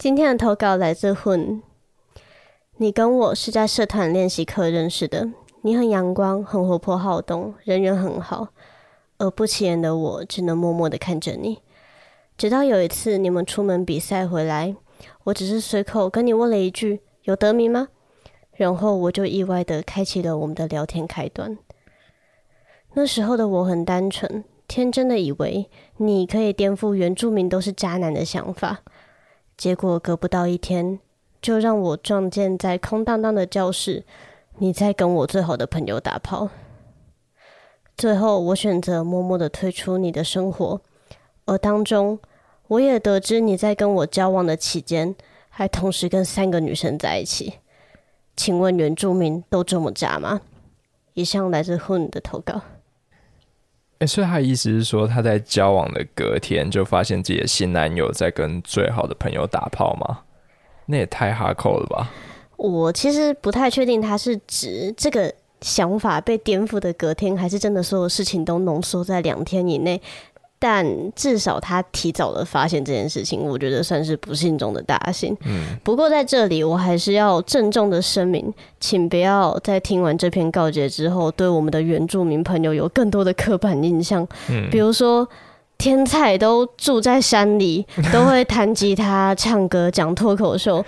今天的投稿來自混。你跟我是在社團練習課認識的，你很陽光，很活潑好動，人緣很好，而不起眼的我只能默默的看着你。直到有一次你們出門比賽回來，我只是隨口跟你問了一句：“有得名嗎？”然後我就意外的開啟了我們的聊天開端。那時候的我很單純，天真的以為你可以顛覆原住民都是渣男的想法。結果隔不到一天，就讓我撞見在空蕩蕩的教室，你在跟我最好的朋友打炮。最後我選擇默默的退出你的生活，而當中我也得知你在跟我交往的期間，還同時跟三個女生在一起。請問原住民都這麼渣嗎？以上來自 Hoon 的投稿。欸，所以他的意思是說，他在交往的隔天就發現自己的新男友在跟最好的朋友打炮嗎？那也太哈口了吧！我其實不太確定，他是指這個想法被顛覆的隔天，還是真的所有事情都濃縮在兩天以內。但至少他提早的發現這件事情，我覺得算是不幸中的大幸。嗯，不過在這裡我還是要鄭重的聲明，請不要在聽完這篇告解之後，對我們的原住民朋友有更多的刻板印象。嗯，比如說天才都住在山裡，都會彈吉他、 唱歌、講脫口秀。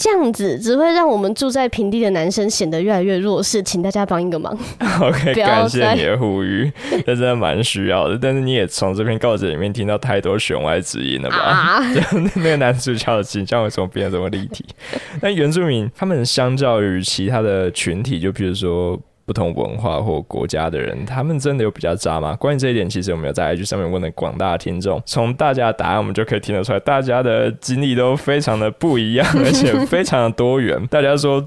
這樣子只會讓我們住在平地的男生顯得越來越弱勢，請大家幫一個忙。OK，感謝你的呼籲，這 真的蠻需要的。但是你也從這篇告解裡面聽到太多弦外之音了吧？啊、 那個男主角的形象為什麼變得這麼立體？ 那原住民他們相較於其他的群體，就比如說。不同文化或國家的人，他們真的有比較渣嗎？關於這一點，其實我們有在 IG 上面問了廣大的聽眾，從大家的答案，我們就可以聽得出來，大家的經歷都非常的不一樣，而且非常的多元。 大家說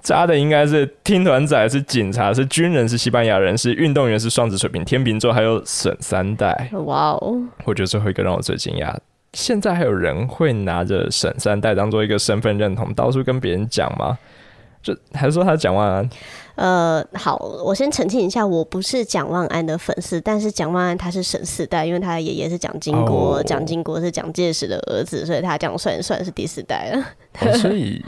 渣的應該是聽團仔，是警察，是軍人，是西班牙人，是運動員，是雙子水瓶天秤座，還有沈三代。哇哦 Wow！我覺得最後一個讓我最驚訝，現在還有人會拿着沈三代當做一個身份認同，到處跟別人講嗎？就還說他是蔣萬安，呃，好，我先澄清一下，我不是蔣萬安的粉絲，但是蔣萬安他是沈四代，因為他的爺爺是蔣經國，蔣、哦、經國是蔣介石的兒子，所以他這樣算一算是第四代了、哦。所以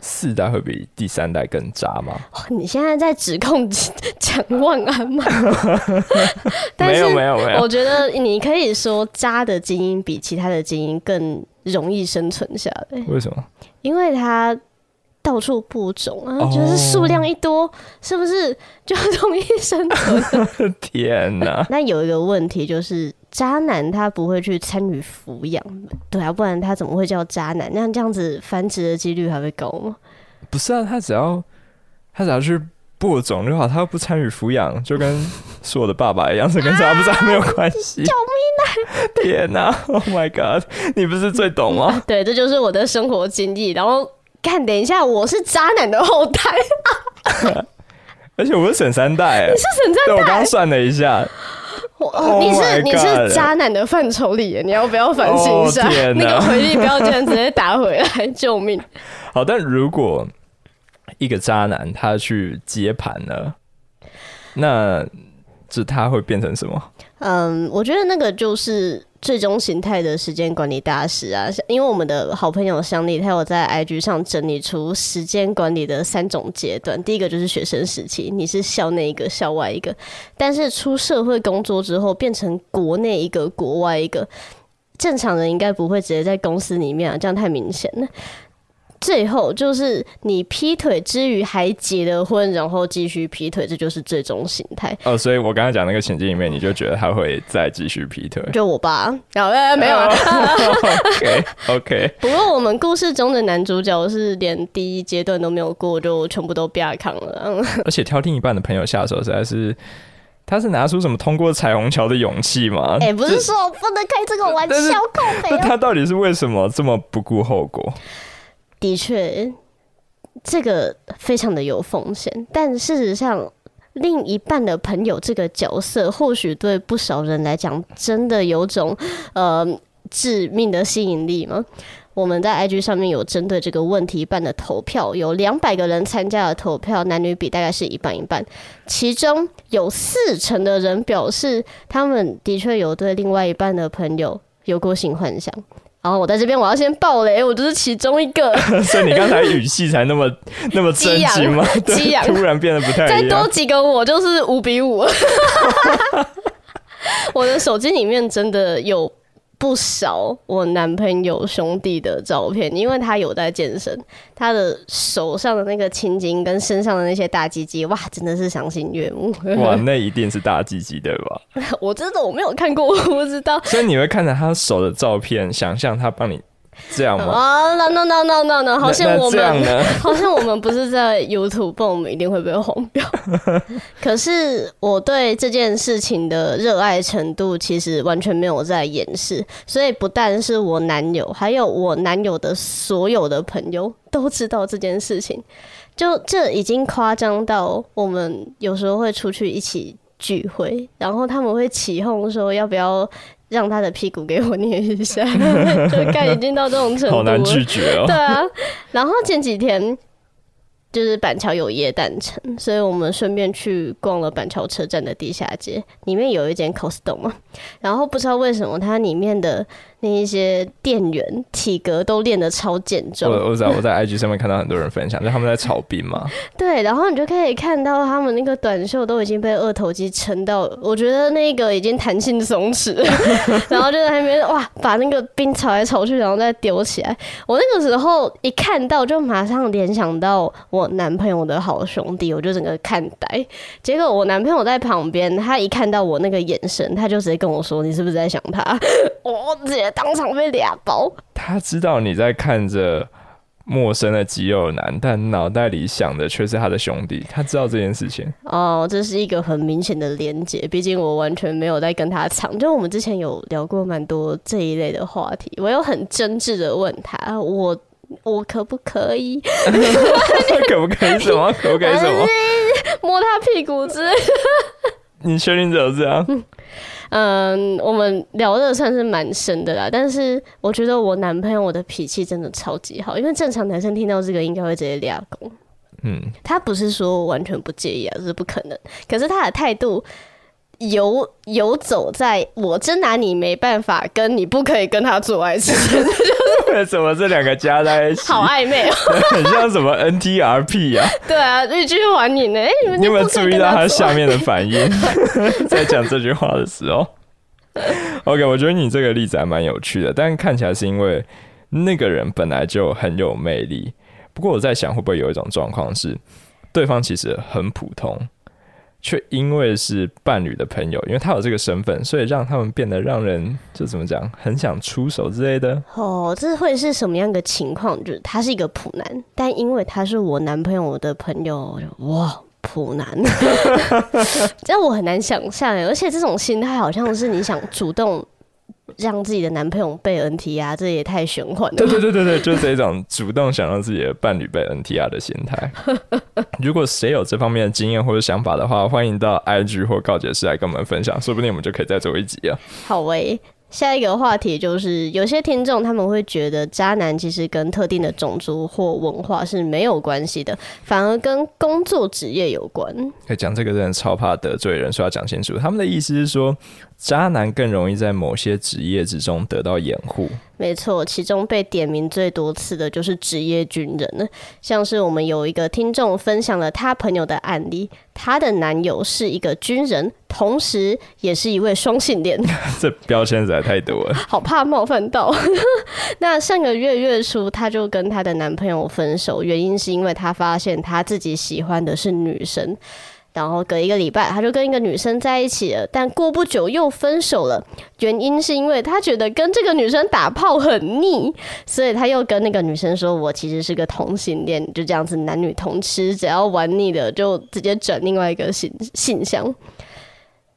四代會比第三代更渣嗎？ 哦、你現在在指控蔣萬安嗎？沒有沒有沒有，我覺得你可以說渣的精英比其他的精英更容易生存下來。為什麼？因為他。到處播種啊，就是數量一多，oh. 是不是就容易生存？ 天哪！那有一個問題就是，渣男他不會去參與撫養，對啊，不然他怎麼會叫渣男？那這樣子繁殖的幾率還會高嗎？不是啊，他只要他只要去播種就好，他不參與撫養，就跟是我的爸爸一樣， 是跟這、啊、跟渣不渣、啊、沒有關係。救命啊！ 天哪！Oh my god！你不是最懂嗎、嗯？對，這就是我的生活經歷，然後。看，等一下，我是渣男的後代， 而且我是沈三代，你是沈三代，我剛算了一下，我 oh、你是 God 你是渣男的範疇裡，你要不要反省一下？Oh, 那個回力鏢不要這樣直接打回來，救命！ 好，但如果一個渣男他去接盤了，那。是他會變成什麼？嗯，um, 我覺得那個就是最終形態的時間管理大師啊。因為我們的好朋友香你，他有在 IG 上整理出時間管理的三種階段。第一個就是學生時期，你是校內一個，校外一個；但是出社會工作之後，變成國內一個，國外一個。正常人應該不會直接在公司裡面啊，這樣太明顯了。最後就是你劈腿之餘還結了婚，然後繼續劈腿，這就是最終形態。哦。所以我剛才講那個情境裡面，你就覺得他會再繼續劈腿？就我爸，好、哦、了、欸，沒有了。OK 不過我們故事中的男主角是連第一階段都沒有過，就全部都不要看了、啊。而且挑另一半的朋友下手實在是，他是拿出什麼通過彩虹橋的勇氣嗎？也、欸、不是說不能開這個玩笑，控就是那他到底是為什麼這麼不顧後果？的確，這個非常的有風險。但事實上，另一半的朋友這個角色，或許對不少人來講，真的有種呃致命的吸引力嗎？我們在 IG 上面有針對這個問題辦的投票，有兩百個人參加了投票，男女比大概是一半一半。其中有四成的人表示，他們的確有對另外一半的朋友有過性幻想。然後我在這邊，我要先爆雷，我就是其中一個， 所以你剛才語氣才那麼 那麼激昂嗎？激昂，突然變得不太。再多幾個我就是五比五。我的手機裡面真的有，不少我男朋友兄弟的照片，因為他有在健身，他的手上的那個青筋跟身上的那些大雞雞，哇，真的是賞心悅目。哇，那一定是大雞雞對吧？ 我真的我沒有看過，我不知道。所以你會看着他手的照片，想象他幫你。這樣嗎？啊、uh, no, no, no,，no no no 好像我們 好像我們不是在 YouTube，我們一定會被黃標。 可是我對這件事情的熱愛程度，其實完全沒有在掩飾。所以不但是我男友，還有我男友的所有的朋友都知道這件事情。就這已經誇張到我們有時候會出去一起聚會，然後他們會起哄說要不要。讓他的屁股給我捏一下， 就感覺已經到這種程度，好難拒絕哦， 對啊，然後前幾天就是板橋有耶誕城，所以我們順便去逛了板橋車站的地下街，裡面有一間 Costco 嘛。然後不知道為什麼它裡面的。那一些店員體格都練得超健壯，我我在我在 IG 上面看到很多人分享，就 他們在炒冰嘛。對，然後你就可以看到他們那個短袖都已經被二頭肌撐到，我覺得那個已經彈性鬆弛， 然後就在那邊哇，把那個冰炒來炒去，然後再丟起來。我那個時候一看到就馬上聯想到我男朋友的好兄弟，我就整個看呆。結果我男朋友在旁邊，他一看到我那個眼神，他就直接跟我說：“你是不是在想他？”我當場被抓包。他知道你在看着陌生的肌肉男，但腦袋裡想的卻是他的兄弟。他知道這件事情哦，這是一個很明顯的連結，畢竟我完全沒有在跟他藏，就我們之前有聊過蠻多這一類的話題。我有很真摯的問他，我我可不可以？ 可不可以什麼？可不可以什麼？摸他屁股之類。你確定只有這樣？嗯，我們聊的算是蠻深的啦。但是我覺得我男朋友，我的脾氣真的超級好，因為正常男生聽到這個應該會直接立下功。嗯，他不是說我完全不介意啊，這、就是不可能。可是他的態度。遊遊走在我真拿你沒辦法，跟你不可以跟他做愛之間， 為什麼這兩個加在一起？ 好曖曖昧， 很像什麼 NTRP 呀？啊？對啊，日劇玩你呢？你有沒有注意到他下面的反應？ 在講這句話的時候，OK，我覺得你這個例子還蠻有趣的，但看起來是因為那個人本來就很有魅力。不過我在想，會不會有一種狀況是，對方其實很普通？卻因為是伴侶的朋友，因為他有這個身份，所以讓他們變得讓人就怎麼講，很想出手之類的。哦，oh, 這會是什麼樣的情況？就是他是一個普男，但因為他是我男朋友的朋友，我哇，普男， 這我很難想象。而且這種心態好像是你想主動。讓自己的男朋友被 NTR，這也太玄幻了。對對對對對，就是這一種主動想讓自己的伴侶被 NTR 的心態。 如果誰有這方面的經驗或者想法的話，歡迎到 IG 或告解室來跟我們分享，說不定我們就可以再做一集啊。好喂、欸，下一個話題就是有些聽眾他們會覺得渣男其實跟特定的種族或文化是沒有關係的，反而跟工作職業有關。哎、欸，講這個真的超怕得罪人，所以要講清楚。他們的意思是說。渣男更容易在某些職業之中得到掩護。沒錯，其中被點名最多次的就是職業軍人。像是我們有一個聽眾分享了他朋友的案例，他的男友是一個軍人，同時也是一位雙性戀。 這標籤仔太多了，好怕冒犯到。 那上個月月初，他就跟他的男朋友分手，原因是因為他發現他自己喜歡的是女生。然後隔一個禮拜，他就跟一個女生在一起了，但過不久又分手了。原因是因為他覺得跟這個女生打炮很膩，所以他又跟那個女生說：“我其實是個同性戀，就這樣子男女通吃，只要玩膩了就直接轉另外一個性性向。”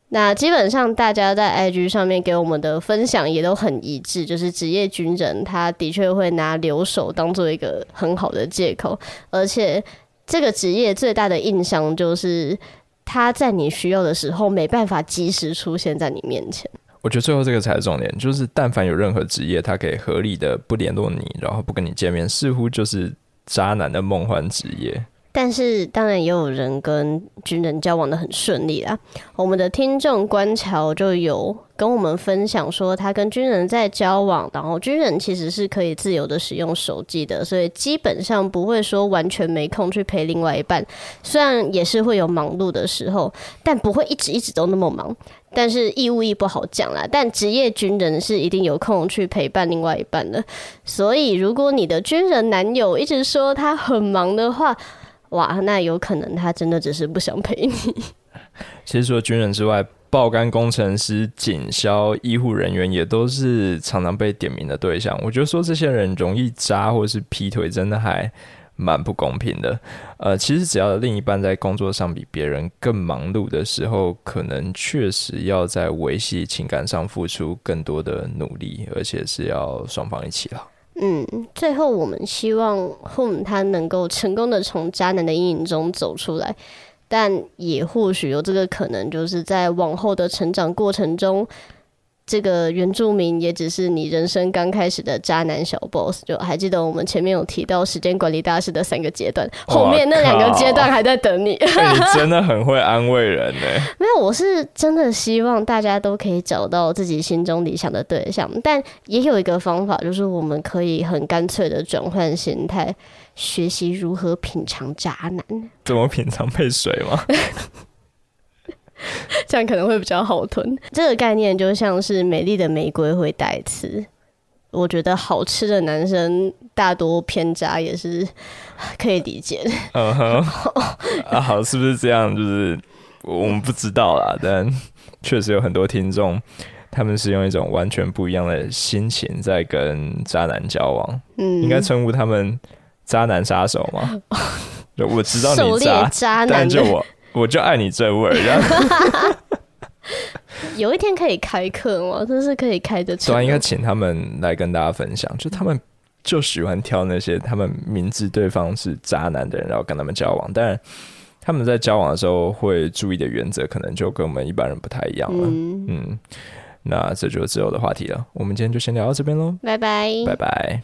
那基本上大家在 IG 上面給我們的分享也都很一致，就是職業軍人，他的確會拿留守當做一個很好的借口，而且。這個職業最大的印象就是，他在你需要的時候沒辦法及時出現在你面前。我覺得最後這個才是重點，就是但凡有任何職業，他可以合理的不聯絡你，然後不跟你見面，似乎就是渣男的夢幻職業。但是當然也有人跟軍人交往的很順利啦。我們的聽眾觀橋就有跟我們分享說，他跟軍人在交往，然後軍人其實是可以自由的使用手機的，所以基本上不會說完全沒空去陪另外一半。雖然也是會有忙碌的時候，但不會一直一直都那麼忙。但是義務役不好講啦，但職業軍人是一定有空去陪伴另外一半的。所以如果你的軍人男友一直說他很忙的話，哇，那有可能他真的只是不想陪你。其實，除了軍人之外，爆肝工程師、警消醫護人員也都是常常被點名的對象。我覺得說這些人容易渣或是劈腿，真的還蠻不公平的。呃，其實只要另一半在工作上比別人更忙碌的時候，可能確實要在維繫情感上付出更多的努力，而且是要雙方一起了。嗯，最後我們希望 Home 他能夠成功的從渣男的陰影中走出來，但也或許有這個可能，就是在往後的成長過程中。這個原住民也只是你人生剛開始的渣男小 boss，就還記得我們前面有提到時間管理大師的三個階段，後面那兩個階段還在等你。靠 欸、你真的很會安慰人呢。沒有，我是真的希望大家都可以找到自己心中理想的對象，但也有一個方法，就是我們可以很乾脆的轉換心態，學習如何品嘗渣男。怎麼品嘗配水嗎？ 這樣可能會比較好吞。這個概念就像是美麗的玫瑰會帶刺，我覺得好吃的男生大多偏渣也是可以理解的。嗯哼， 啊好，是不是這樣？就是我，我們不知道啦，但確實有很多聽眾，他們是用一種完全不一樣的心情在跟渣男交往。嗯，應該稱呼他們男手嘛“渣男殺手”嗎？ 我知道你渣，狩獵渣男的，就我。我就愛你這味兒，有一天可以開課嗎？真是可以開的出來，應該請他們來跟大家分享。就他們就喜歡挑那些他們明知對方是渣男的人，然後跟他們交往。但他們在交往的時候會注意的原則，可能就跟我們一般人不太一樣了。嗯，嗯，那這就是之後的話題了。我們今天就先聊到這邊嘍，拜拜，拜拜。